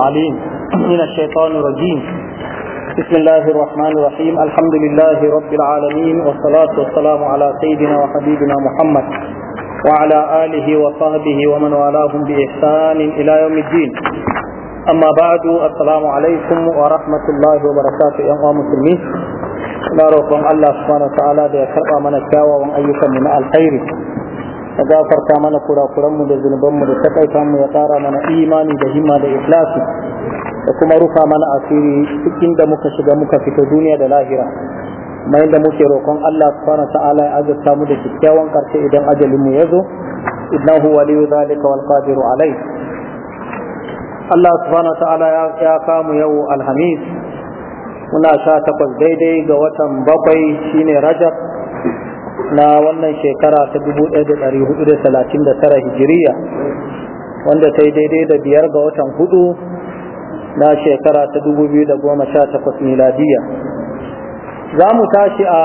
عليم من الشيطان الرجيم بسم الله الرحمن الرحيم الحمد لله رب العالمين والصلاة والسلام على سيدنا وحبيبنا محمد وعلى آله وصحبه ومن والاهم بإحسان إلى يوم الدين أما بعد السلام عليكم ورحمة الله وبركاته يا مسلمين لا روكم الله سبحانه وتعالى بيكرم من الشاوى ومن أيكم من الخير ya gafarta mana kurakuranmu da mu da takaitanmu ya ƙara mana imani da himma da ikhlasi da kuma rufa mana asiri duk da muka shiga muka fito duniya da lahira Mai da muke roƙon Allah subhanahu ta'ala ya azurta mu da kyakkyawan ƙarshe idan ajalin mu ya zo innahu waliyu zalika wal qadiru alai Allah subhanahu ta'ala ya kamu yau alhamis muna sha takwas daidai ga watan bakwai shine rajab na wannan shekara ta 1439 hijiriya wanda ta yi daidai da biyar ga watan hudu na shekara ta 2018 miladiya za mu tashi a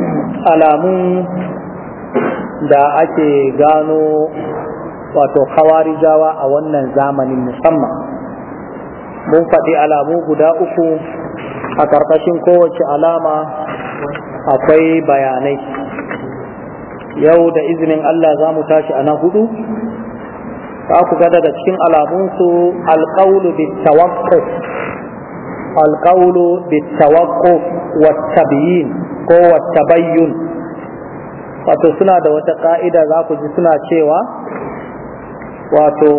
alamun da ake gano wato kawari jawa a wannan zamanin musamman mun faɗi alamu guda uku a ƙarƙashin kowace alama akwai bayanai yau da izinin Allah za mu tashi a nan hudu za ku ga daga cikin alamunsu alƙaunu bittawakkuf alƙaunu bittawakkuf biyin ko bayyun? wato suna da wata ƙa'ida za ku ji suna cewa wato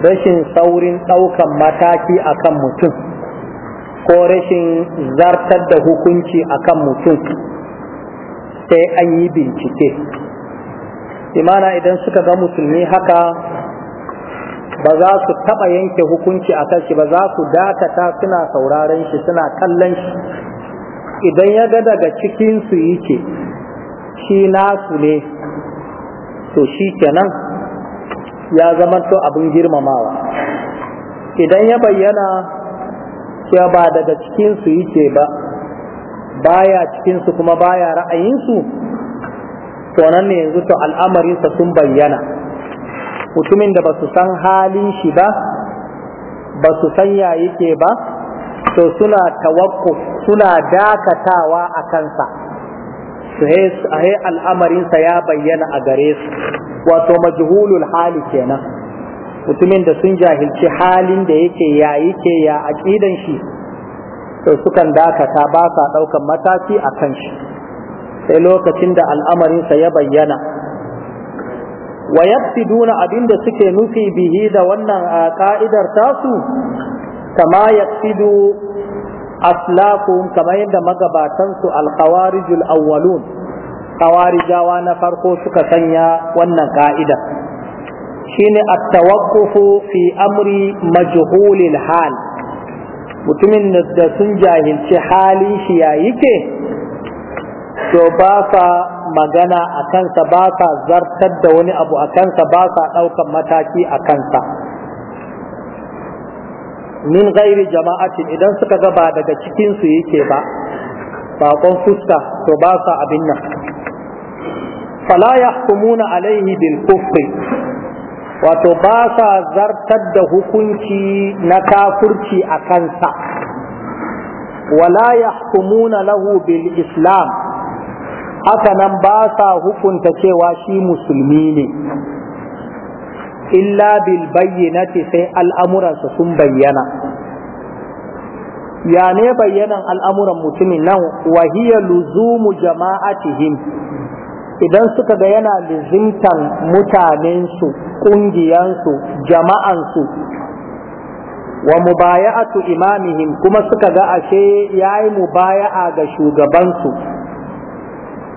rashin saurin ɗaukan mataki akan mutum ko rashin zartar da hukunci akan mutum sai an yi bincike imana idan suka ga musulmi haka ba za su taɓa yanke hukunci a kan ba za su dakata suna sauraren shi suna kallon shi idan ya ga daga cikinsu yi ce shi nasu ne to shi kenan ya zama to abin girmamawa idan ya bayyana cewa ba daga cikinsu yi ce ba baya cikin su kuma baya ra'ayin su to nan ne yanzu to al'amarin sa sun bayyana mutumin da ba su san halin shi ba ba su san ya yake ba to suna tawakku suna dakatawa a kansa A he al'amarin sa ya bayyana a gare su wato majhulul hali kenan mutumin da sun jahilci halin da yake ya yake ya aqidan shi Sai sukan dakata ba sa ɗaukan mataki a kan shi sai lokacin da al'amarinsa ya bayyana wa yafsiduna abinda suke nufi bihi da wannan ka'idar tasu kama yafsidu aslakum kama yadda magabatansu alkhawarijul awwalun khawarijawa na farko suka sanya wannan ka'ida shine at-tawaqqufu fi amri majhulil hal mutumin da sun jahilci hali shi ya yi ke to ba sa magana a kansa ba sa zartar da wani abu a kansa ba sa ɗaukan mataki a kansa min gairi jama'atin idan suka gaba daga cikinsu yake ba baƙon fuska to ba sa abin nan fala ya yahkumuna alaihi bil kufri wato ba sa zartar da hukunci na kafurci a kansa wala yahkumuna lahu bil islam haka nan ba sa hukunta cewa shi musulmi ne illa bil bayyinati sai al'amuransa sun bayyana ya ne bayyanan al'amuran mutumin nan wahiya luzumu jama'atihim idan suka ga yana lizintan mutanensu ƙungiyansu jama'ansu wa mubaya'atu imamihim kuma suka ga ashe yayi mubaya'a ga shugabansu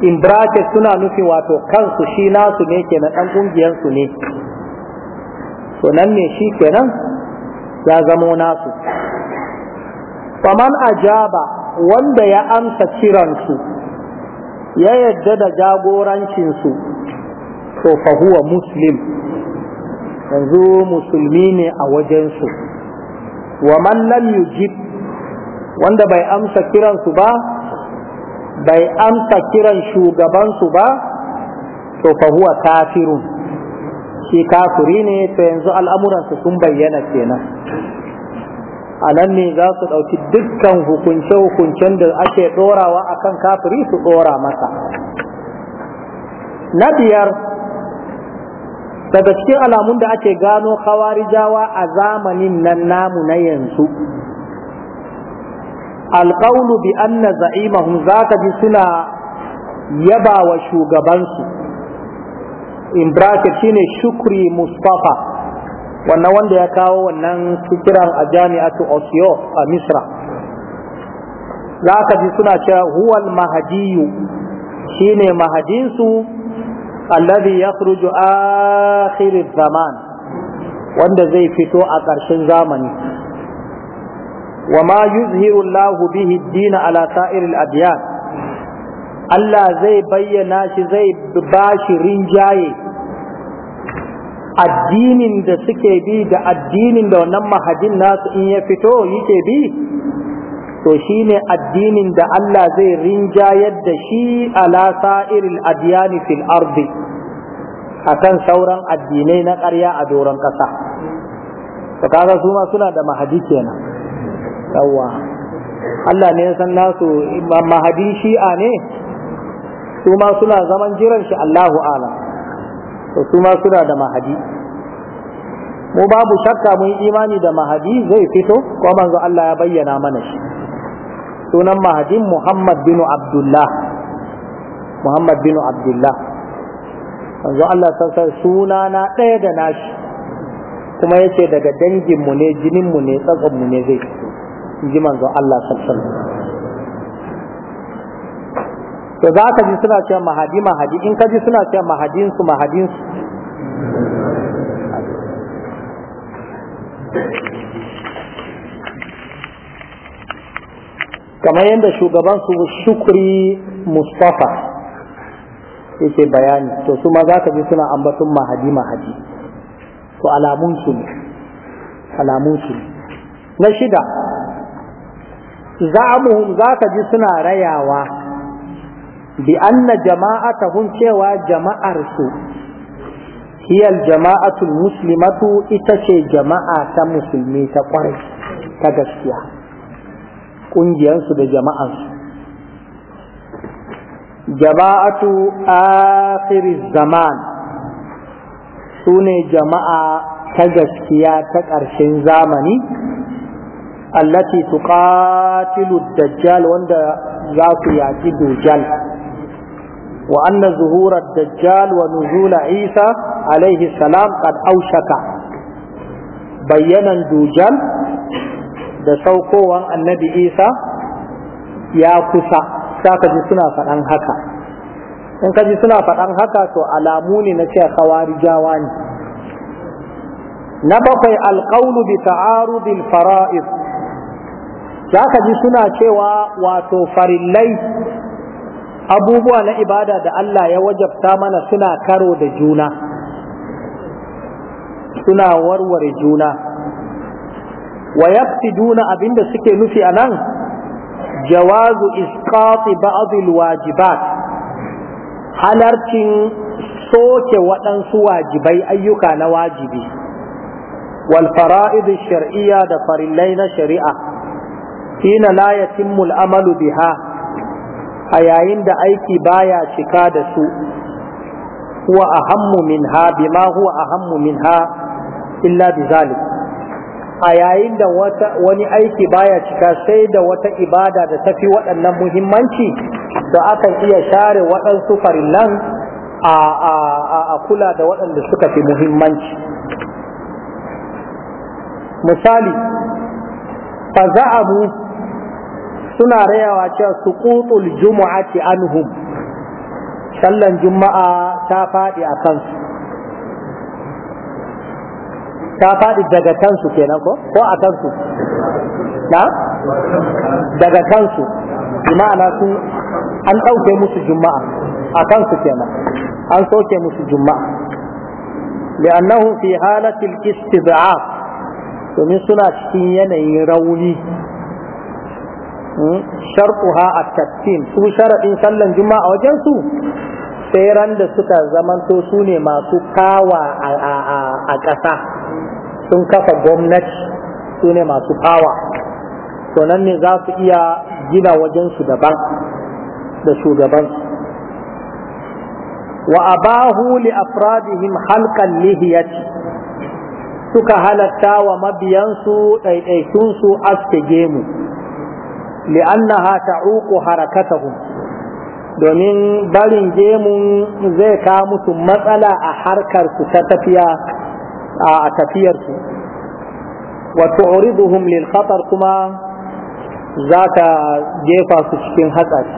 in bracket suna nufi wato kansu shi nasu ne kenan ɗan ƙungiyarsu ne to nan ne shi kenan ya zamo nasu faman ajaba wanda ya amsa kiransu ya yadda da jagorancinsu to fahuwa muslim yanzu musulmi ne a wajensu wa man lam yujib wanda bai amsa kiransu ba bai amsa kiran shugabansu ba to fahuwa kafirun shi kafiri ne to yanzu al'amuransu sun bayyana kenan a nan ne za su ɗauki dukkan hukunce-hukuncen da ake ɗorawa a kan kafiri su ɗora masa na biyar daga cikin alamun da ake gano hawarijawa a zamanin nan namu na yanzu alƙaunu bi na za'imahun za ka ji suna yaba wa shugabansu in bracket shine shukri mustapha wannan wanda ya kawo wannan kiran a jami'atu Osio a Misra za ka ji suna cewa huwal mahadiyu shine mahadinsu alladhi yakhruju akhir zaman wanda zai fito a ƙarshen zamani wa ma yuzhiru Allah bihi ad ala sa'iril adyan Allah zai bayyana shi zai bashi rinjaye addinin da suke bi da addinin da wannan mahadin nasu in ya fito yake bi to shine addinin da Allah zai rinjayar da shi ala sa'iril adyani fil ardi akan sauran addinai na ƙarya a doron ƙasa to kaga su ma suna da mahadi kenan yawa Allah ne san nasu mahadi shi'a ne su ma suna zaman jiran shi Allahu alam to su ma suna da mahadi mu babu shakka mun imani da mahadi zai fito ko manzo Allah ya bayyana mana shi sunan mahadin Muhammad bin Abdullah Muhammad bin Abdullah manzo Allah sassa suna na ɗaya da nashi kuma yace daga dangin mu ne jinin mu ne tsakon mu ne zai fito in ji manzo Allah sallallahu alaihi wasallam to za ka ji suna cewa mahadi mahadi in ka ji suna cewa mahadinsu mahadinsu kamar yadda shugaban su shukri mustafa yake bayani to su ma za ka ji suna ambatun mahadi mahadi to su ne alamunsu ne na shida za ka ji suna rayawa bi anna jama'atahum cewa jama'ar su hiyal jama'atul muslimatu ita ce jama'a ta musulmi ta kwarai ta gaskiya ƙungiyarsu da jama'arsu jama'atu akhiriz zaman su ne jama'a ta gaskiya ta ƙarshen zamani allati tuqatilu dajjal wanda za su yaƙi dujal وأن ظهور الدجال ونزول عيسى عليه السلام قد أوشك بينا الدجال da saukowan annabi isa ya kusa za ka ji suna faɗan haka in ka ji suna faɗan haka to alamu ne na cewa kawarijawa ne na bakwai alƙaunu bi ta'arudil fara'id za ka ji suna cewa wato farillai abubuwa na ibada da Allah ya wajabta mana suna karo da juna suna warware juna wa duna abinda suke nufi anan. jawazu isqati ba'dil wajibat halarcin soke waɗansu wajibai ayyuka na wajibi wal fara'id shar'iyya da farillai na shari'a hina la yatimmu amalu biha a yayin da aiki baya cika da su huwa ahammu ha bima huwa ahammu ha illa bizalik a yayin da wani aiki baya cika sai da wata ibada da tafi waɗannan muhimmanci da akan iya share waɗansu farillan a kula da waɗanda suka fi muhimmanci misali fa za'abu suna rayawa cewa suqutul jumu'ati anhum sallan juma'a ta faɗi a kansu ta faɗi daga kansu kenan ko ko a kansu na daga kansu ma'ana sun an ɗauke musu juma'a a kansu kenan an soke musu juma'a لأنهم في حالة الاستضعاف domin suna cikin yanayin rauni Hmm? shartuha a tattin su sharaɗin sallan juma'a wajen su sai ran da suka zamanto su ne masu kawa a ƙasa sun kafa gwamnati su ne masu kawa to ne za su iya gina wajen su daban da shugaban? wa abahu li afradihim halqan lihiyati suka halatta wa mabiyansu su aske gemu li'annaha ta'uqu harakatahum domin barin gemun zai kawo musu matsala a harkar su ta tafiya a tafiyar su wa tu'riduhum lil khatar kuma za jefa su cikin hatsari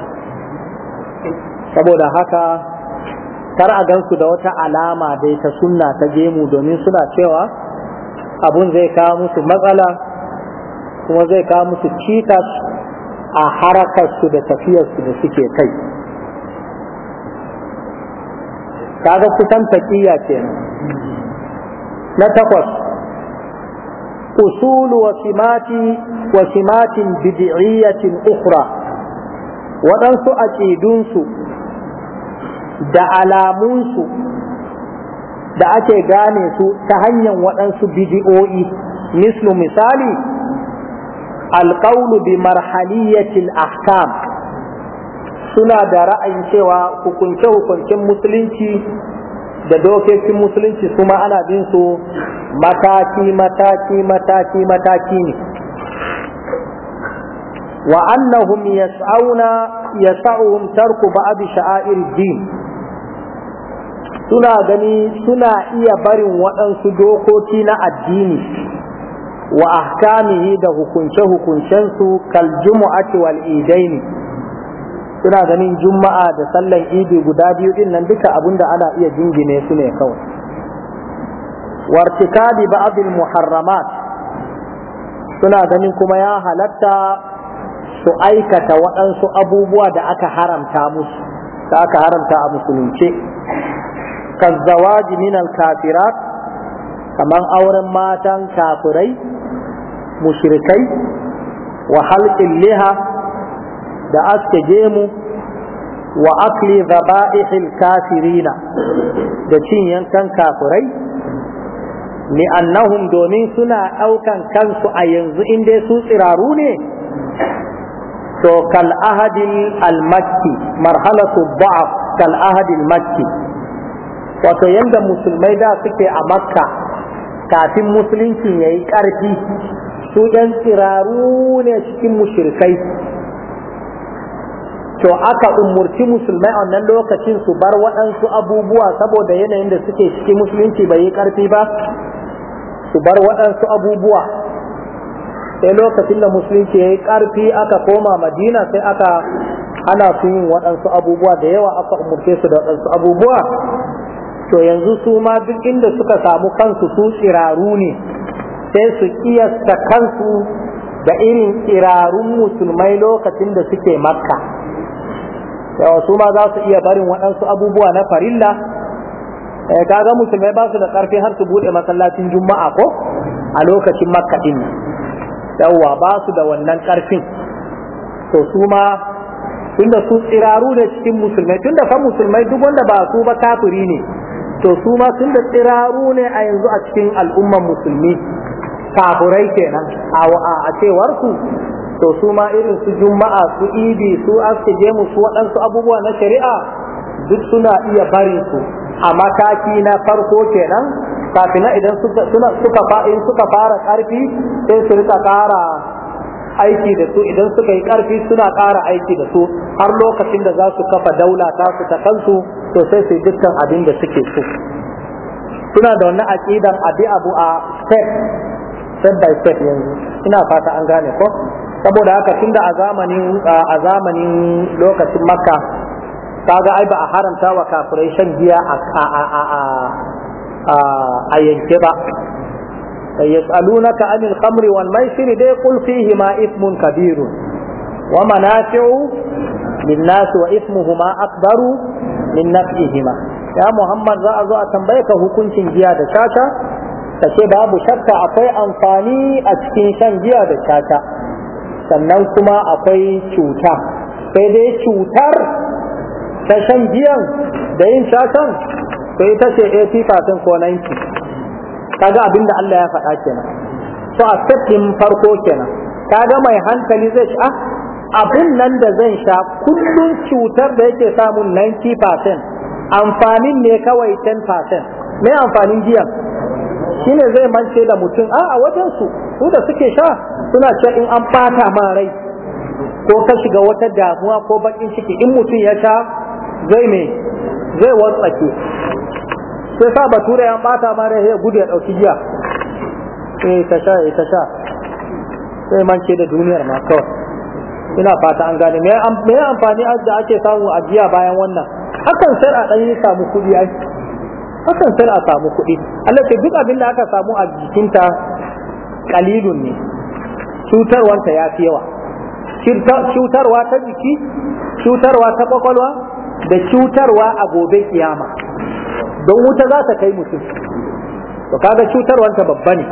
saboda haka kar a gansu da wata alama dai ta sunna ta gemu domin suna cewa abun zai kawo musu matsala kuma zai kawo musu cikas a harakarsu da tafiyarsu da suke kai kaga kusan taƙiyya ce. na takwas usul wa wasimatin bid'iyyatin ukhra waɗansu a aƙidunsu da alamunsu da ake gane su ta hanyar waɗansu bidi'o'i mislu misali alƙaunu bi marhaliyatil ahkam suna da ra'ayin cewa hukunce-hukuncen musulunci da dokokin musulunci su ana bin su mataki mataki mataki mataki ne wa annahum yas'auna yas'uhum tarku ba'd sha'air din suna gani suna iya barin waɗansu dokoki na addini wa ahkamihi da hukunce-hukuncensu kal jumu'ati wal idaini suna ganin juma'a da sallan idi guda biyu din nan duka abinda ana iya jingine su ne kawai Wartikadi ba'dil muharramat suna ganin kuma ya halatta su aikata waɗansu abubuwa da aka haramta musu da aka haramta a musulunce kazzawaji min kafirat kamar auren matan kafirai Mushirikai wa halqin liha da aske gemu wa akli zaba'ihil kafirina da cin yankan kafirai annahum domin suna ɗaukan kansu a yanzu in dai su tsiraru ne to kal ahadin al-makki marhalatu ba'af kal ahadin makki wato yanda musulmai da suke a makka kafin musulunci yayi ƙarfi su ‘yan tsiraru ne cikin mushirkai to aka umurci musulmai a wannan lokacin su bar waɗansu abubuwa saboda yanayin da suke cikin musulunci bai yi ƙarfi ba su bar waɗansu abubuwa sai lokacin da musulunci ya yi ƙarfi aka koma madina sai aka ana su yin waɗansu abubuwa da yawa aka umurce su da waɗansu abubuwa to yanzu su ma duk inda suka samu kansu su tsiraru ne sai su kiyasta kansu da irin kirarun musulmai lokacin da suke makka yawa su ma za su iya barin waɗansu abubuwa na farilla eh, kaga musulmai ba su da ƙarfi har su buɗe masallacin juma'a ko a lokacin makka ɗin yawa ba su da wannan ƙarfin to su ma tun da su tsiraru ne cikin musulmai tun da fa musulmai duk wanda ba su ba kafiri ne to su ma tun da tsiraru ne a yanzu a cikin al'umman musulmi kafurai kenan a cewarsu to su ma irin su juma'a su idi su askejemu su waɗansu abubuwa na shari'a duk suna iya bari su a mataki na farko kenan kafin idan suka fara ƙarfi sai su rika kara aiki da su idan suka yi ƙarfi suna ƙara aiki da su har lokacin da za su kafa daula ta su ta kansu to sai su dukkan abin da suke so suna da wannan aqidan abi abu a step step by step yanzu ina fata an gane ko saboda haka tunda a zamanin a zamanin lokacin makka kaga ai ba a haramta wa kafirai shan giya a a a a a yanke ba ka anil khamri wal maisir dai kul fihi ma ithmun kabiru wa manafi'u wa ithmuhuma akbaru min nafihima ya Muhammad za a zo a tambaye ka hukuncin giya da caca ta ce babu shakka akwai amfani a cikin shan giya da caca sannan kuma akwai cuta sai dai cutar ta shan giyan da yin shatan, sai ta ce 80% eh, ko 90 kaga ga abinda Allah ya faɗa kenan to a step farko kenan kaga mai hankali zai sha ah, abin nan da zan sha kullum cutar da yake samun 90% amfanin ne kawai 10% me amfanin giyan ne zai mance da mutum a wajensu wajen su su da suke sha suna ce in an bata ma rai ko ka shiga wata damuwa ko bakin ciki in mutum ya sha zai me zai watsake sai sa bature an bata ma rai ya gudu ya dauki giya eh ta sha eh ta sha sai mance da duniyar ma kawai ina fata an gane me amfani da ake samu a jiya bayan wannan hakan sai a ɗan yi samu kuɗi ai hakan sai a samu kuɗi Allah ce duk abin da aka samu a jikinta kalilun ne cutarwanta ya fi yawa cutarwa ta jiki cutarwa ta kwakwalwa da cutarwa a gobe kiyama don wuta za ta kai mutum to kaga cutarwanta babba ne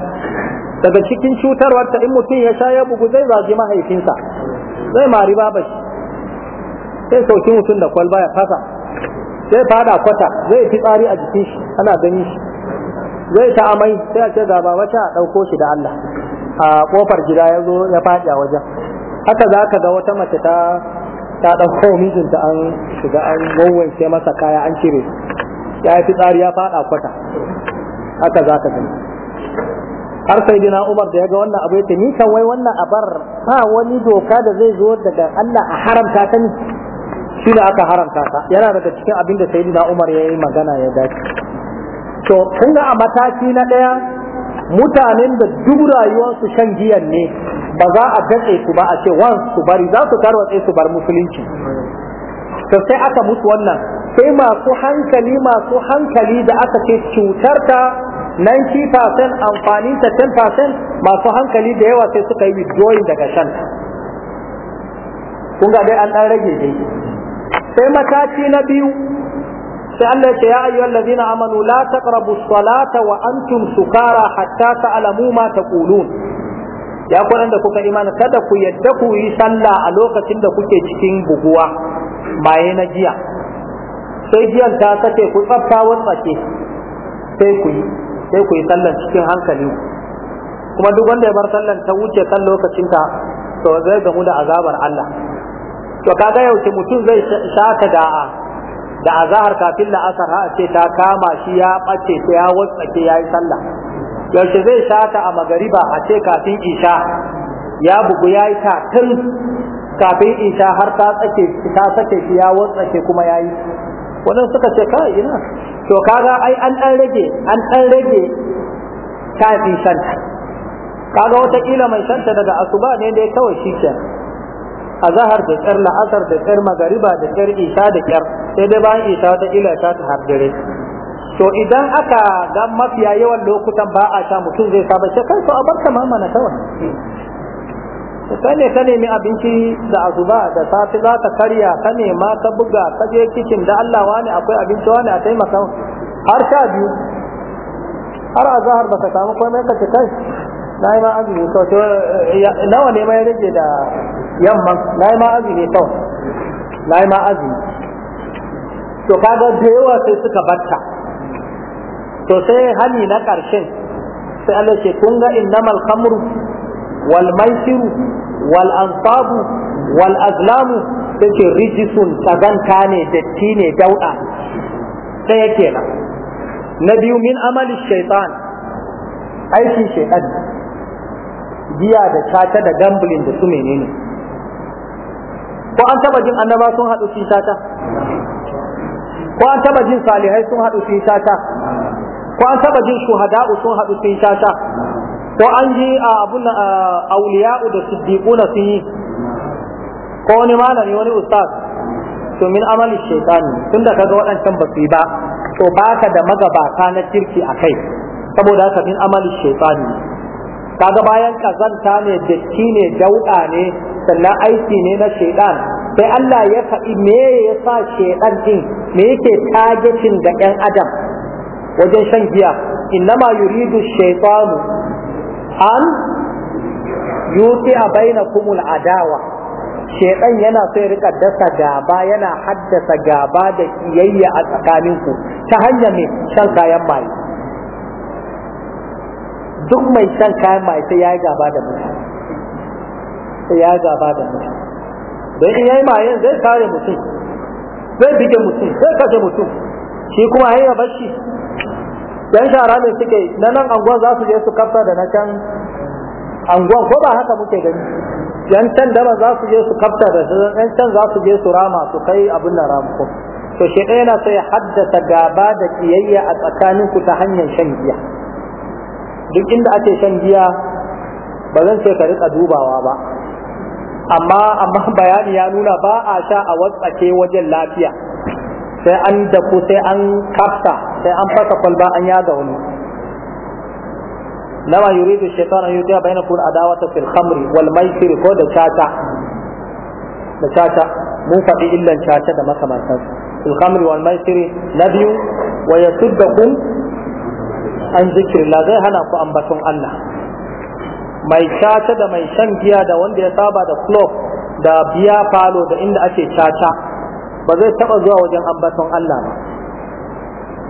daga cikin cutarwarta in mutum ya sha ya bugu zai zaji mahaifinsa zai mari babashi sai sauki mutum da kwalba ya fasa Sai fada kwata zai fi tsari a jikin shi ana gani shi zai ta amai sai a ce ga ba wata a ɗauko shi da Allah a kofar gida ya zo ya faɗi a wajen haka za ka ga wata mace ta ta ɗauko mijinta an shiga an wawwanke masa kaya an cire ya fi tsari ya fada kwata haka za ka gani har sai dina Umar da ya ga wannan abu ya ce ni kan wai wannan abar ba wani doka da zai zo daga Allah a haramta ta ni shi da aka haramta ta yana daga cikin abin da sayyidina Umar ya yi magana ya dace to kun ga a mataki na daya mutanen da duk rayuwar su shan giyan ne ba za a datse su ba a ce wan su bari za su sai su bar musulunci to sai aka mutu wannan sai masu hankali masu hankali da aka ce cutar ta 90% amfanin ta 10% masu hankali da yawa sai suka yi withdrawing daga shan kun ga dai an dan rage dai sai mataki na biyu sai Allah ya ce ya ayyuhal ladina amanu la taqrabu salata wa antum sukara hatta ta'lamu ma taqulun ya kuran da kuka imani kada ku yadda ku yi sallah a lokacin da kuke cikin buguwa baye na jiya sai jiyan ta sace ku tsafta watsake sai ku yi sai ku yi sallan cikin hankali kuma duk wanda ya bar sallan ta wuce kan lokacinta to zai gamu da azabar Allah to kaga yaushe mutum zai saka da da azahar kafin la'asar ha ce ta kama shi ya ɓace ta ya watsake ya yi sallah yaushe zai saka a magariba a ce kafin isha ya bugu ya yi tatin kafin isha har ta tsake ta sake shi ya watsake kuma ya yi wannan suka ce kai ina to kaga ai an dan rage an dan rage kafin shanta kaga wata kila mai shanta daga asuba ne dai kawai shi kenan azahar da kyar la'asar da kyar magariba da kyar isha da kyar sai dai bayan isha ta ila ta ta hargare to idan aka ga mafiya yawan lokutan ba a sha mutum zai saba shi kai kansa a barka mamana kawai ka ne ka nemi abinci da azuba da safi za ka karya ka nema ka buga ka je kicin da Allah wani akwai abinci wani a taimaka har sha biyu har a zahar ka samu komai ka ce kai na yi ma azumi to nawa ne ma ya rage da yamma na yi ma azumi kawai na yi ma azumi to kaga da yawa sai suka batta to sai hani na ƙarshen sai Allah ce kun ga innamal khamru wal maisiru wal ansabu wal azlamu sai ce rijisun kazanta ne datti ne dauda sai yake na na biyu min amali shaitan aikin shaitan giya da cata da gambling da su menene ko an taba jin annaba sun haɗu su sata ko an taba jin salihai sun haɗu su sata ko an taba jin shuhada'u sun haɗu su sata ko an ji abun auliya'u da siddiquna sun yi ko wani malami wani ustaz to min amali shaytani tunda kaga waɗancan ba su yi ba to baka da magabata na kirki a kai saboda haka min amali shaytani kaga bayan kazanta ne datti ne dauɗa ne sannan aiki ne na shaidan sai Allah ya faɗi me ya sa shaidan din me yake targeting ga 'yan adam wajen shan giya innama yuridu shaitanu an yuti a kumul adawa shaidan yana so ya rika dasa gaba yana haddasa gaba da kiyayya a tsakaninku ta hanyar mai shan kayan maye duk mai shan kayan maye sai ya yi gaba da mutane sai ya gaba da mutum don in yayi mayan zai kare mutum zai bige mutum zai kashe mutum shi kuma hayya bashi yan shara ne suke na nan anguwan za su je su kafta da na can anguwan ko ba haka muke gani yan can daba za su je su kafta da su yan can za su je su rama su kai abin nan ramuko to shi ɗaya na sai haddasa gaba da kiyayya a tsakaninku ta hanyar shan giya duk inda ake shan giya ba zan ce ka riƙa dubawa ba amma amma bayani ya nuna ba a sha a watsake wajen lafiya sai an dafu sai an kafta sai an fasa kwalba an yaga wani lama yuridu shaytanu yudiya bainakum adawata fil khamri wal maisir ko da chata da chata mun faɗi illan chata da makamantan fil khamri wal maisir na biyu wa yasuddakum an zikrillah zai hana ku ambaton Allah mai caca da mai shan giya da wanda ya saba da club da biya falo da inda ake caca ba zai taba zuwa wajen ambaton Allah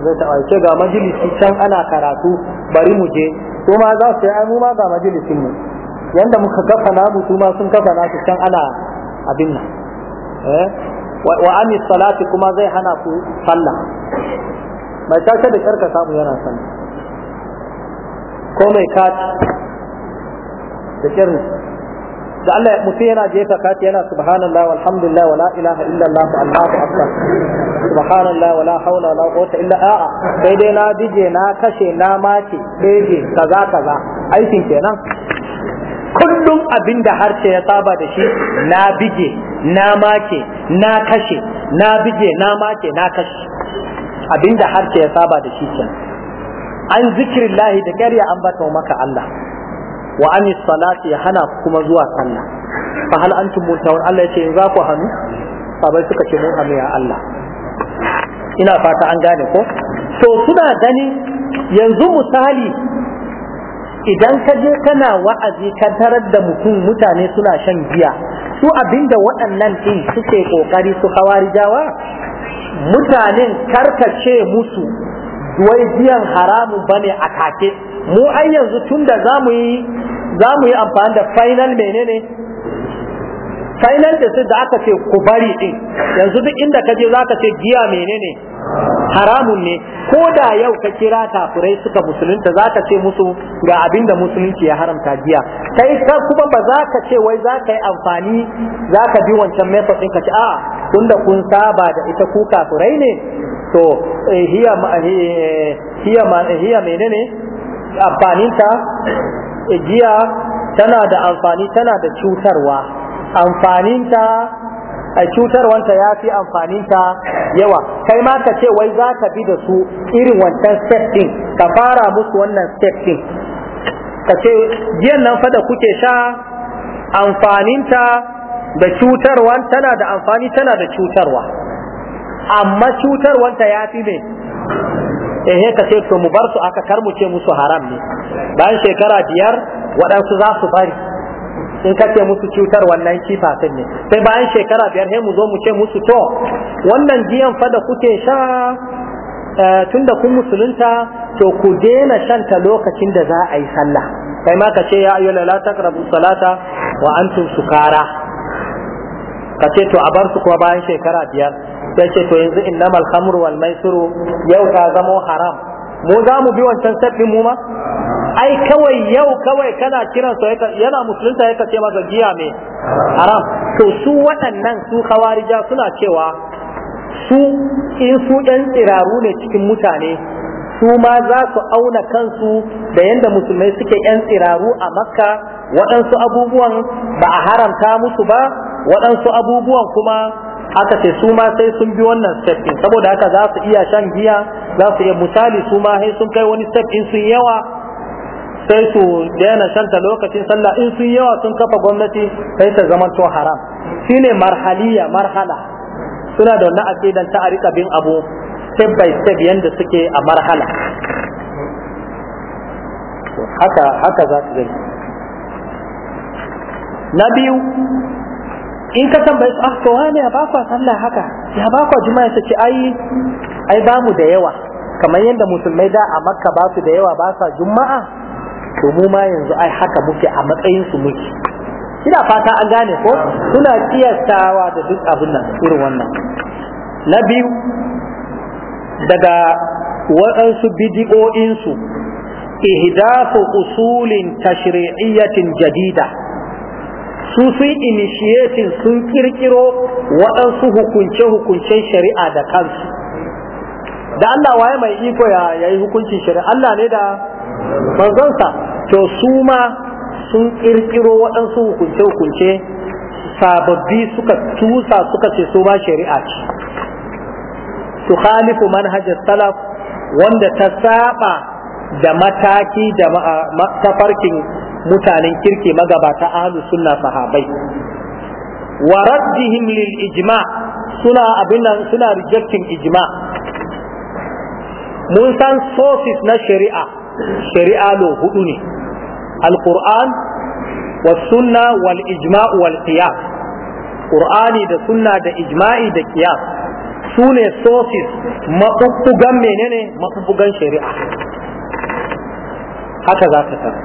ba zai taba ce ga majalisi can ana karatu bari mu je to ma za su yi mu ma ga majalisin mu yanda muka kafa namu su ma sun kafa su can ana abin nan eh wa amis salati kuma zai hana ku sallah mai caca da karka samu yana sallah ko mai kati da sharri da Allah ya mutu yana jefa kati yana subhanallah walhamdulillah wala ilaha illallah allahu akbar subhanallah wala haula wala quwwata illa a'a sai dai na dije na kashe na mace dai kaza kaza aikin kenan kullum abin da harshe ya saba da shi na bige na make na kashe na bige na make na kashe abin da harshe ya saba da shi kenan an zikirin lahi da karya an bata maka Allah wa an salati ya hana kuma zuwa sallah fa hal antum muntawun Allah yace ce in za ku hannu sabai suka ce mun hannu ya Allah ina fata an gane ko to suna gani yanzu misali idan ka je kana wa'azi ka tarar da mutum mutane suna shan giya su abinda waɗannan ɗin suke ƙoƙari su hawari jawa mutanen karkace musu wai giyan haramun bane a kake mu ai yanzu tun da za mu yi amfani da final menene final da su da aka ce ku bari din yanzu duk inda ka je za ka ce giya menene haramun ne ko da yau ka kira kafirai suka musulunta za ka ce musu ga abin da musulunci ya haramta giya kai ka kuma ba za ka ce wai za ka yi amfani za ka bi wancan method ɗin ka ce a Tun da kun saba da ita ku kafirai ne to eh, hiya eh, hiya eh, hiya menene amfaninta giya tana da amfani tana da cutarwa amfaninta a cutarwanta ya fi amfaninta yawa kai ma ka ce wai za ka bi da su irin wancan step din ka fara musu wannan step din ka ce jiyan nan fa da kuke sha amfaninta da cutarwa tana da amfani tana da cutarwa amma cutarwanta ya fi mai ehe ka ce to mu bar su aka kar mu ce musu haram ne bayan shekara biyar waɗansu za su bari in ka ce musu cutar wannan kifasin ne sai bayan shekara biyar he mu zo mu ce musu to wannan giyan fa da kuke sha eh, tun da kun musulunta to ku daina shanta lokacin da za a yi sallah kai ma ka ce ya ayyana la taqrabu salata wa antum sukara ka ce to a bar su kuma bayan shekara biyar sai ce to yanzu innamal khamru wal maisiru yau ta zamo haram mu za mu bi wancan sabbin mu ma ai kawai yau kawai kana kiran sa yana musulunta yake ce masa giya me haram to su waɗannan su khawarija suna cewa su in su ɗan tsiraru ne cikin mutane su ma za su auna kansu da yadda musulmai suke ‘yan tsiraru a makka waɗansu abubuwan ba a haramta musu ba waɗansu abubuwan kuma aka ce su ma sai sun bi wannan step din saboda haka za su iya shan giya za su iya misali su ma sai sun kai wani step in sun yawa sai su daina shanta lokacin sallah in sun yawa sun kafa gwamnati sai ta zama to haram shine marhaliya marhala suna da wannan aqidan ta arika bin abu step by step yanda suke a marhala haka haka za su gani na biyu in ka san bai ah kowa ne ya bakwa sallah haka ya bakwa juma'a ta ce ai ai ba mu da yawa kamar yadda musulmai da a makka ba su da yawa ba sa juma'a to mu ma yanzu ai haka muke a matsayin su muke ina fata an gane ko suna kiyastawa da duk abin nan irin wannan na biyu daga waɗansu bidi'o'insu ihdafu usulin tashri'iyyatin jadida su sun initiating sun kirkiro waɗansu hukunce-hukuncen shari'a da kansu da Allah waye mai iko ya yi hukuncin shari'a Allah ne da manzonsa to su ma sun kirkiro waɗansu hukunce-hukunce sababbi suka tusa suka ce su ba shari'a ce su khalifu manhajar salaf wanda ta saba da mataki da tafarkin mutanen kirki magabata ahlus sunna sahabai wa raddihim lil ijma suna abin suna rejecting ijma mun san sources na shari'a shari'a lo hudu ne alquran wa sunna wal ijma wal qiyas qur'ani da sunna da ijma'i da qiyas sune sources mabubbugan menene maɓuɓɓugan shari'a haka za ka san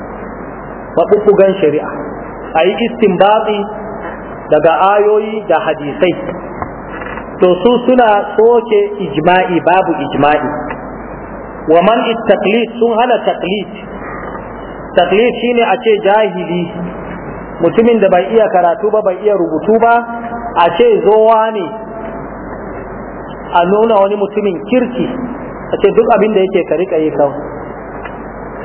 maɓuɓɓugan shari'a a yi istinbati daga ayoyi da hadisai to su suna soke ijma'i babu ijma'i wa man taklid sun hana taklid taklid shine a ce jahili mutumin da bai iya karatu ba bai iya rubutu ba a ce zowa ne a nuna wani mutumin kirki a ce duk abin da yake ka rika yi kawai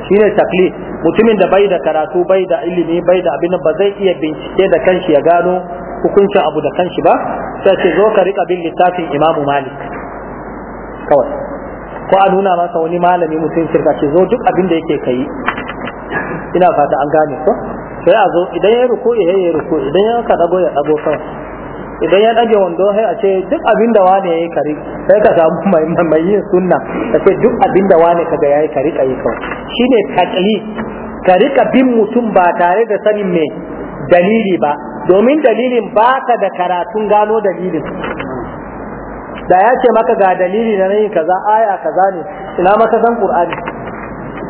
shine taklif mutumin da bai da karatu bai da ilimi bai da abin ba zai iya bincike da kanshi ya gano hukuncin abu da kanshi ba sai ce zo ka rika bin littafin imamu malik kawai ko a nuna masa wani malami mutum shirka ce zo duk abin da yake kai ina fata an gane ko sai a zo idan ya ruku ya yi ruku idan ya ka dago ya dago kawai idan ya ɗage wando sai a ce duk abin da wane yayi kari sai ka samu mai yin sunna ka ce duk abin da wane kaga yayi kari kai kawai shine taklid ka rika bin mutum ba tare da sanin mai dalili ba domin dalilin ba ka da karatun gano dalilin da ya ce maka ga dalili na yin kaza aya kaza ne ina maka san qur'ani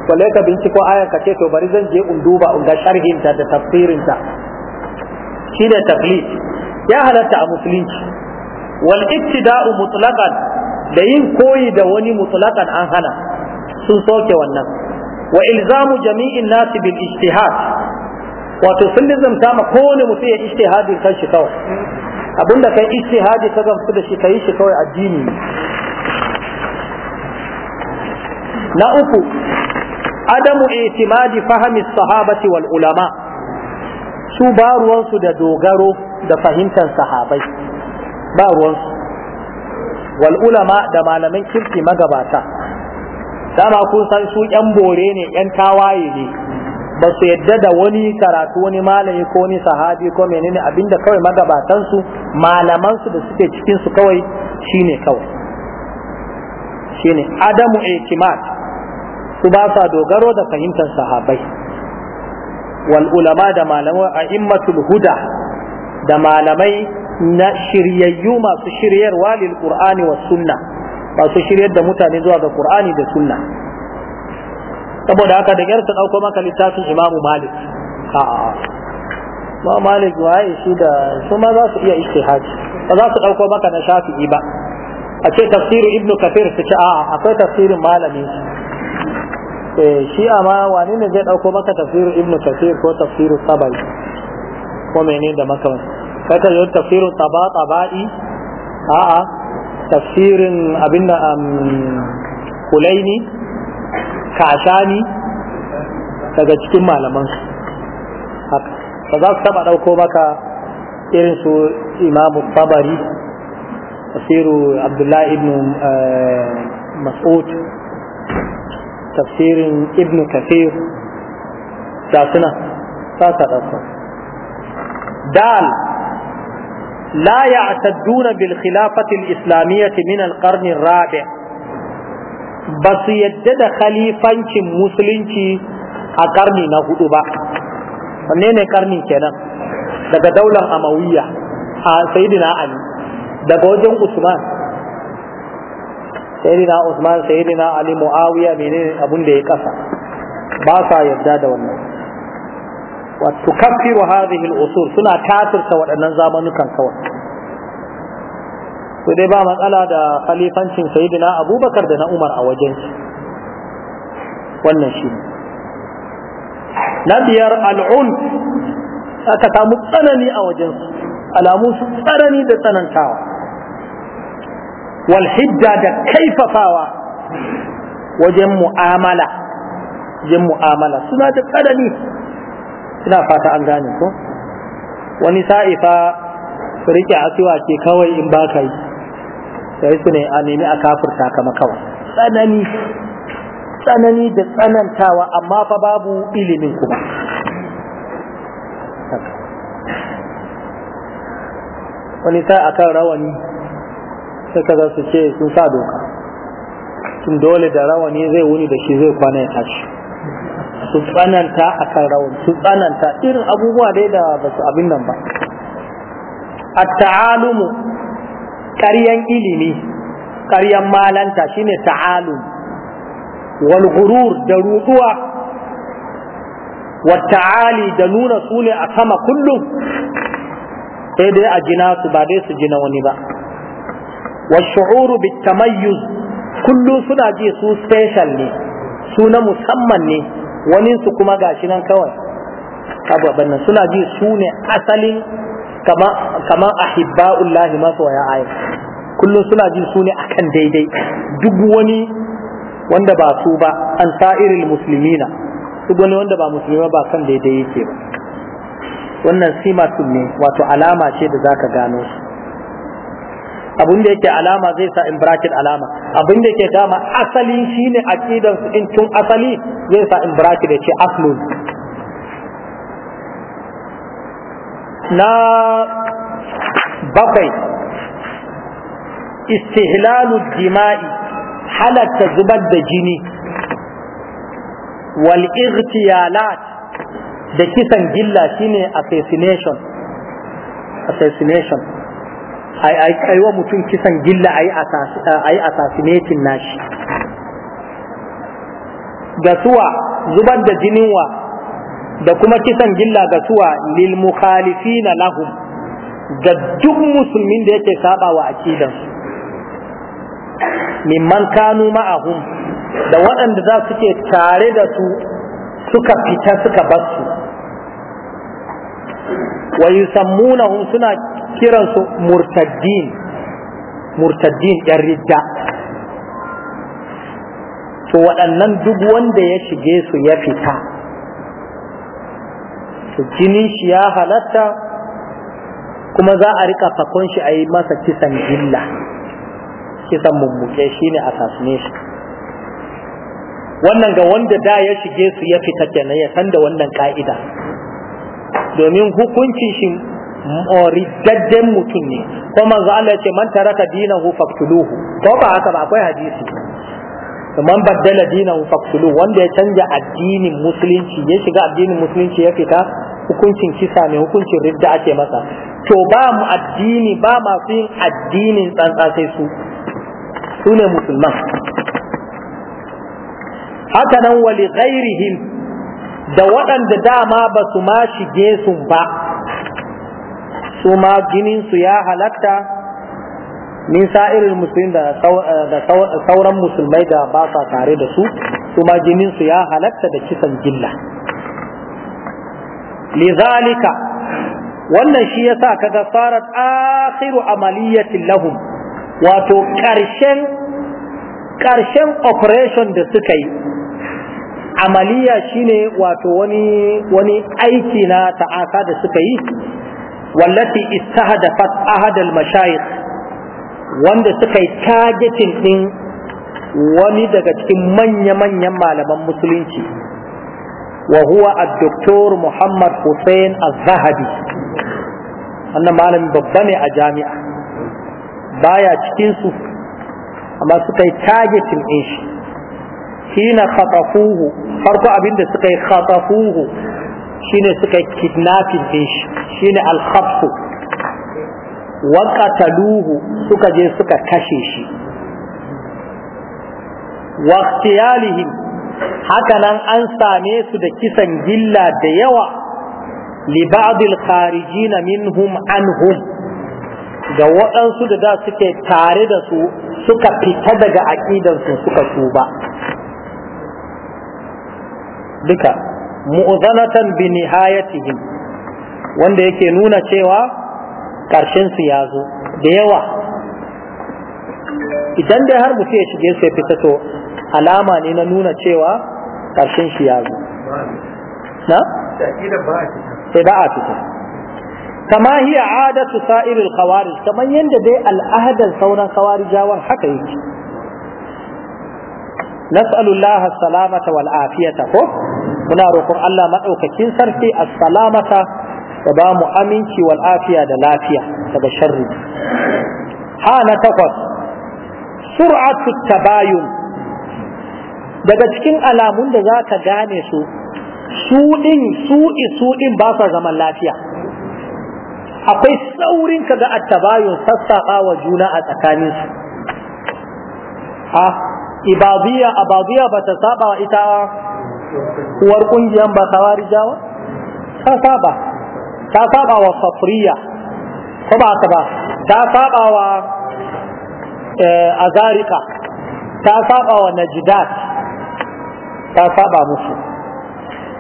balle ka binciko ayan ka ce to bari zan je in duba in ga sharhin ta da tafsirin ta shi ne taklid ya halatta a musulunci wal ittida'u mutlaqan da yin koyi da wani mutlaqan an hana sun soke wannan wa ilzamu jami'in nasi bil ijtihad wato sun lizamta ma kowane mutum ya ijtihadi kan shi kawai abinda kai ijtihadi ka gamsu da shi kai shi kawai addini na uku adamu itimadi fahmi sahabati wal ulama' su ba ruwansu da dogaro da fahimtar sahabai ba ruwansu wal ulama da malamin kirki magabata dama kun san su yan bore ne yan tawaye ne ba su yadda da wani karatu wani malami ko wani sahabi ko menene abinda kawai magabatansu malamansu da suke cikin su kawai shine kawai shine adamu i'timad su ba sa dogaro da fahimtar sahabai wal ulama da malamai a'immatul huda da malamai na shiryayyu masu shiryarwa lil qur'ani was sunna masu shiryar da mutane zuwa ga qur'ani da sunna saboda haka da yarsa dauko maka littafin imamu malik a ma malik waye shi da su ma za su iya ba za su maka na shafi'i ba a ce tafsirin ibnu kafir su a'a akwai tafsirin malamin Eh, shi'a ma wani ne zai ɗauko maka tafsirin ibn kasir ko tafsirin sabai ko menene da Maka makaman kaka yi tafsirin taba taba'i a'a tafsirin abinda kulaini kashani daga cikin malaman haka ba za su taɓa ɗauko maka irin su imamu tabari tafsirin abdullahi ibn eh, mas'ud tafsirin ibn kafir da suna ba sa dal la ya'tadduna bil khilafati islamiyyati min al qarn ba su yadda da khalifancin musulunci a ƙarni na hudu ba wanne ne karni kenan daga daular amawiyya a sayyidina ali daga wajen usman sayyidina Usman sayyidina Ali Muawiya menene abun da ya kasa ba sa yarda da wannan wa tukaffiru hadhihi al-usul suna kafirta waɗannan zamanukan kawai to dai ba matsala da khalifancin sayyidina Abubakar da na Umar a wajen shi wannan shi ne. na biyar al'un aka samu tsanani a wajen su alamu su tsanani da tsanantawa wal da kaifafawa wajen mu'amala wajen mu'amala suna da tsanani suna fata an gane ko wani sa'ifa su rike asuwa ke kawai in ba ka yi sai su ne a nemi a kafurta kama kawai tsanani tsanani da tsanantawa amma fa babu ilimin kuma wani sai akan rawani suka za su ce sun sa doka tun dole da rawani zai wuni da shi zai kwana ya tashi su tsananta a kan rawan su tsananta irin abubuwa dai da ba su abin nan ba a ta'alumu ƙaryan ilimi ƙaryan malanta shine ta'alum ta'alumu walhurur da rutuwa wa ta'ali da nuna su ne a sama kullum sai dai a jina su ba dai su jina wani ba wa shu'uru bit tamayyuz suna ji su special ne su na musamman ne wani su kuma gashi nan kawai ababan nan suna ji su ne asalin kama kama ahibba'ullahi masoya ayi kullum suna ji su akan daidai duk wani wanda ba su ba an sa'iril muslimina duk wani wanda ba musulmi ba kan daidai yake ba wannan simatun ne wato alama ce da zaka gano su abin da yake alama zai sa in bracket alama abin da yake dama asali shine aqidan su in tun asali zai sa in bracket yace na bakwai istihlalu dima'i halatta zubar da jini wal ightiyalat da kisan gilla shine assassination assassination ai ai wa mutum kisan gilla ai ai assassinating nashi ga suwa zubar da jinin wa da kuma kisan gilla ga suwa lil mukhalifina lahum ga duk musulmin da yake saba wa akidan mimman kanu ma'ahum da waɗanda za su ke tare da su suka fita suka basu wa yusammunahum suna kiransu murtaddin murtaddin yan rijja to waɗannan duk wanda ya shige su ya fita to jinin shi ya halatta kuma za a rika fakon shi a yi masa kisan jilla kisan mummuke shine assassination wannan ga wanda da ya shige su ya fita kenan ya san da wannan ka'ida domin hukuncin shi moridadden mutum ne ko manzo Allah ya ce man taraka dinahu faqtuluhu ko ba haka ba akwai hadisi man baddala dinahu faqtuluhu wanda ya canja addinin musulunci ya shiga addinin musulunci ya fita hukuncin kisa ne hukuncin ridda ake masa to ba mu addini ba masu yin addinin tsantsa sai su su ne musulman haka nan wali ghairihim da waɗanda dama ba su ma shige sun ba su ma jininsu ya halatta nisa irin musulmi da sauran musulmai da ba sa tare da su su ma jininsu ya halatta da kisan gilla lizalika wannan shi yasa kaga sarat akhiru amaliyatin lahum wato karshen karshen operation da suka yi amaliya shine wato wani wani aiki na ta'aka da suka yi wallati istahadafat ahadal mashayikh wanda suka yi targeting din wani daga cikin manya-manyan malaman musulunci wa huwa ad-doktor Muhammad Hussein Az-Zahabi wannan malamin babba ne a jami'a baya cikinsu, amma suka yi targeting din shi hina khatafuhu farko abinda suka yi khatafuhu shine suka kidnapping din shi shine al-khabsu suka je suka kashe shi wa hakanan an same su da kisan gilla da yawa li ba'd al minhum anhum ga waɗansu da da suke tare da su suka fita daga aƙidansu suka tuba duka mu'zanatan bi nihayatihim wanda yake nuna cewa karshen su ya zo da yawa idan dai har mutum ya shige su ya fita to alama ne na nuna cewa karshen shi ya zo na? sai ba a fita kama hiya adatu sa'irul khawarij kamar yadda dai al'adar sauran khawarijawar haka yake نسأل wal afiyata ko? muna roƙon Allah maɗaukakin sarki assalamata da ba mu aminci wal afiya da lafiya daga sharri ha na takwas sur'atu tabayun daga cikin alamun da za ka gane su su ɗin su su ba sa zaman lafiya akwai saurin ka ga attabayun sassaɓa wa juna a tsakaninsu a ibadiyya abadiyya ba ta saba wa ita uwar kungiyan ba jawa? ta saba ta saba wa safriya ko ba ta ba ta saba wa eh, azarika ta saba wa najidat ta saba musu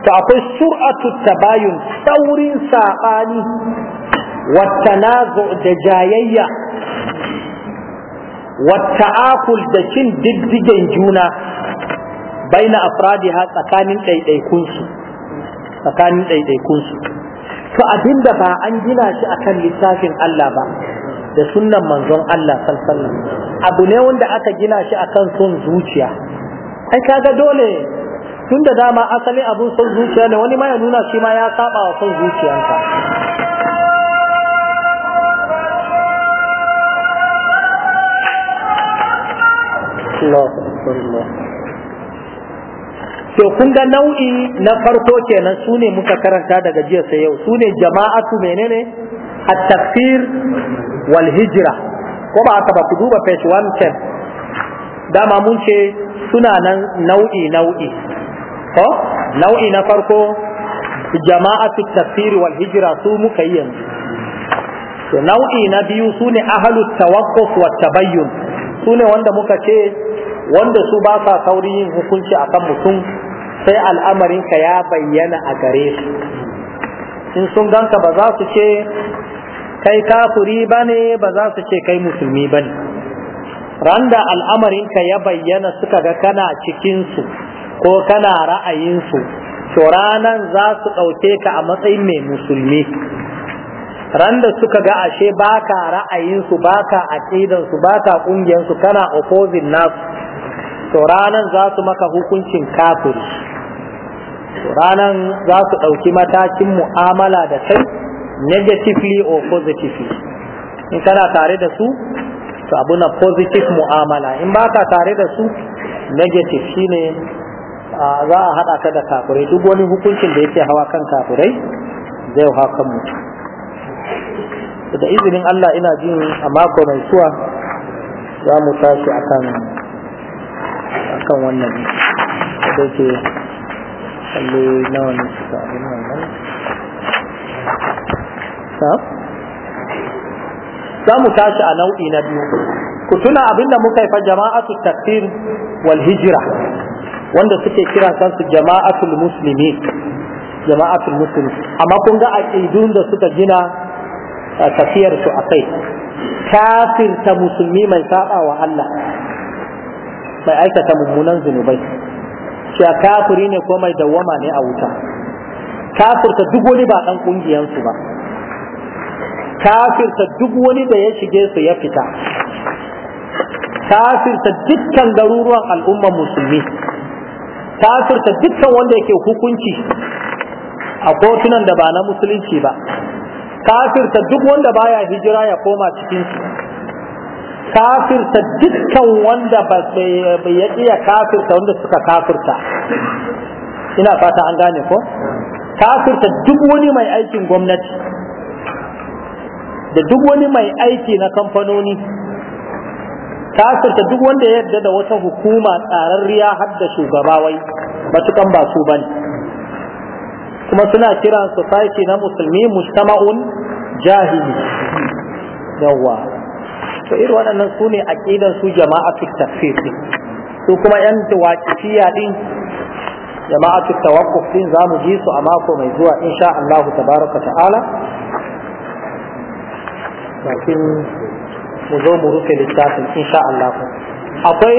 to akwai sur'atu tabayun saurin sabani wa tanazu da jayayya wa ta'akul da cin diddigen juna baina afradiha tsakanin ɗaiɗaikun su tsakanin ɗaiɗaikun su to abin da ba an gina shi akan lissafin Allah ba da sunnan manzon Allah sallallahu abu ne wanda aka gina shi akan son zuciya ai kaga dole tun da dama asali abun son zuciya ne wani ma ya nuna shi ma ya saba wa son zuciyanka Allah, Allah. to kun ga nau'i na farko kenan su ne muka karanta daga jiya sai yau su ne jama'atu menene at-tafsir wal hijra ko ba ka ba ku duba page 110 dama mun ce suna nan nau'i nau'i ko nau'i na farko jama'atu at-tafsir wal hijra su muka yi yanzu to nau'i na biyu su ne ahlu tawaqquf wa tabayyun su ne wanda muka ce wanda su ba sa saurin yin hukunci akan mutum sai al'amarinka ya bayyana a gare su in sun ganka ba za su ce kai kafuri ba ne ba za su ce kai musulmi ba ne randa al'amarinka ya bayyana suka ga kana cikinsu ko kana ra'ayinsu to ranan za su ɗauke ka a matsayin mai musulmi randa suka ga ashe baka ra'ayinsu baka ba baka ƙungiyarsu kana opposing nasu to ranan za su maka hukuncin kafiri ranan za su ɗauki matakin mu'amala da kai negatively or positively in kana tare da su to abu na positive mu'amala in ba ka tare da su negative shine za a haɗa ka da kafirai duk wani hukuncin da yake hawa kan kafirai zai hawa kan da izinin Allah ina jin a mako mai zuwa za mu tashi akan Kan wannan da ke kalli nawa ne suka abin wannan eh? za mu tashi a nau'i na biyu ku tuna abin da muka yi fa jama'atu takfir wal hijira wanda suke kiran kansu jama'atul muslimin jama'atul muslimin amma kun ga aqidun da suka gina eh, tafiyar su akai kafir ta musulmi mai saba wa Allah mai aikata mummunan zunubai cewa kafiri ne ko mai dawwama ne a wuta kafirta duk wani ba dan kungiyansu ba kafirta duk wani da ya shige su ya fita kafirta dukkan garuruwan al'umman musulmi kafirta dukkan wanda yake hukunci a kotunan da ba na musulunci ba kafirta duk wanda baya hijira ya koma cikin su kafirta dukkan wanda ba ya iya kafirta wanda suka kafirta ina fata an gane ko kafirta duk wani mai aikin gwamnati da duk wani mai aiki na kamfanoni kafirta duk wanda ya yarda da wata hukuma tsararriya har da shugabawai matukan ba su bane kuma suna kiran society na musulmi mustama'un jahili yawwa to irin waɗannan su ne aqidan su jama'atu tafsir su kuma yan waqifiya din jama'atu tawaqquf din zamu ji su a mako mai zuwa insha Allah tabaraka ta'ala lakin mu zo mu rufe littafin insha Allah akwai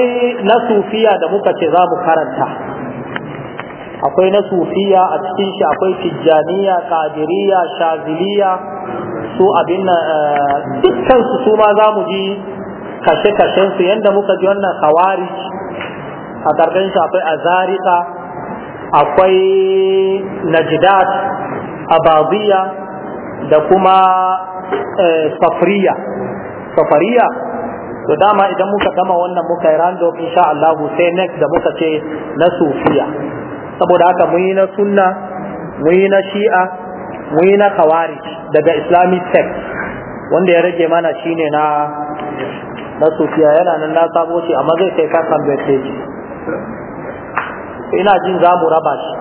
na sufiya da muka ce za mu karanta akwai na sufiya a cikin shi akwai tijjaniya kadiriya shaziliya su abin eh, dukkan su su ma za mu ji kashe-kashen su yadda muka ji wannan khawarij a ƙarƙashin su akwai azarika akwai najidat abaziya da kuma eh, Safariya, safariya to dama idan muka gama wannan muka yi random insha Allah sai next da muka ce na sufiya saboda haka mu yi na sunna mu yi na shi'a mu yi na kawari daga islamic text wanda ya rage mana shine na na sufiya yana nan na sabo shi amma zai kai ka kambace shi ina jin za mu raba shi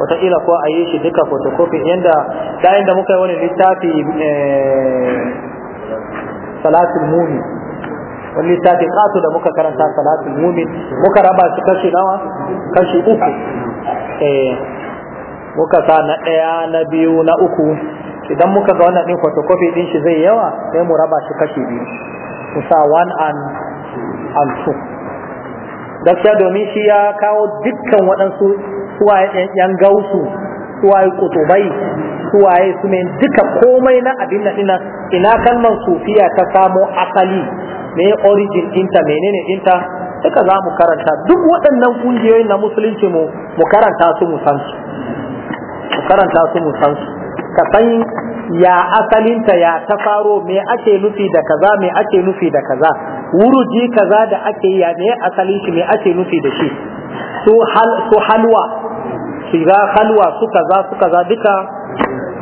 wataƙila ko a yi shi duka photocopy yadda dayan da muka yi wani littafi eh, salatul mumi wani littafi ƙato da muka karanta salatul mumi muka raba shi kashi nawa kashi uku eh, muka sa na ɗaya na biyu na uku idan muka ga wannan ɗin photocopy ɗin shi zai yawa sai mu raba shi kashi biyu mu sa one and and two gaskiya domin shi ya kawo dukkan waɗansu suwaye yan gausu suwaye kutubai suwaye su ne duka komai na abin da ina ina kalmar sufiya ta samo asali me origin ɗinta menene ɗinta duka za mu karanta duk waɗannan ƙungiyoyin na musulunci mu mu karanta su mu san su karanta su mu san ka san ya asalinta ya ta faro me ake nufi da kaza me ake nufi da kaza wuruji kaza da ake ya ne asalin shi me ake nufi da shi su hal su halwa shiga halwa su kaza su kaza duka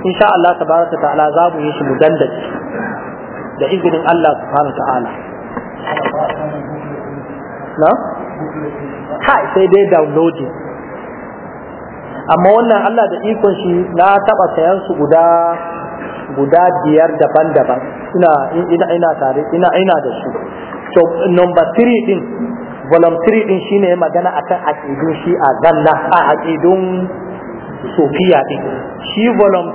insha Allah tabaraka ta'ala za mu yi shi mu dandace da izinin Allah subhanahu ta'ala na kai sai dai downloading amma wannan Allah da ikon shi na taba sayan su guda guda biyar daban-daban ina ina ina tare ina ina da shi to number 3 din volunteer din shine magana akan aqidun shi a zanna a aqidun sufiya din shi volume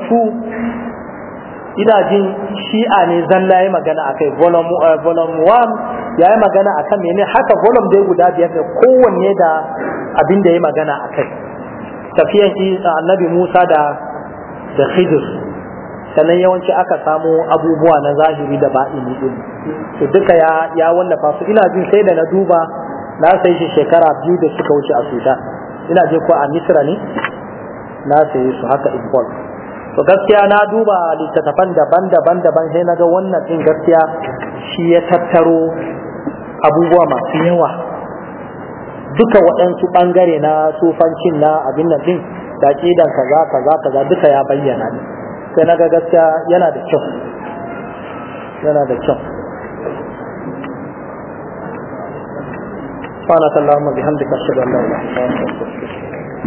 2 ina jin shi'a ne zalla ya magana akai volume volume 1 ya yi magana akan eh, mene haka volume dai guda biyar ne kowanne da abin da ya magana akai tafiyan annabi Musa da da Khidr sannan yawanci aka samu abubuwa na zahiri da ba'ini din to duka ya ya wallafa su ina jin sai da na duba na sai shi shekara biyu da suka wuce a Sudan ina je ko a Misra ne na sai su haka import to gaskiya na duba littattafan daban-daban daban sai na ga wannan din gaskiya shi ya tattaro abubuwa masu yawa duka waɗansu ɓangare na tufancin na abin nan ɗin da ƙidan kaza kaza kaza duka ya bayyana ne sai na ga gaskiya yana da kyau yana da kyau سبحانك اللهم بحمدك اشهد ان لا اله الا انت استغفرك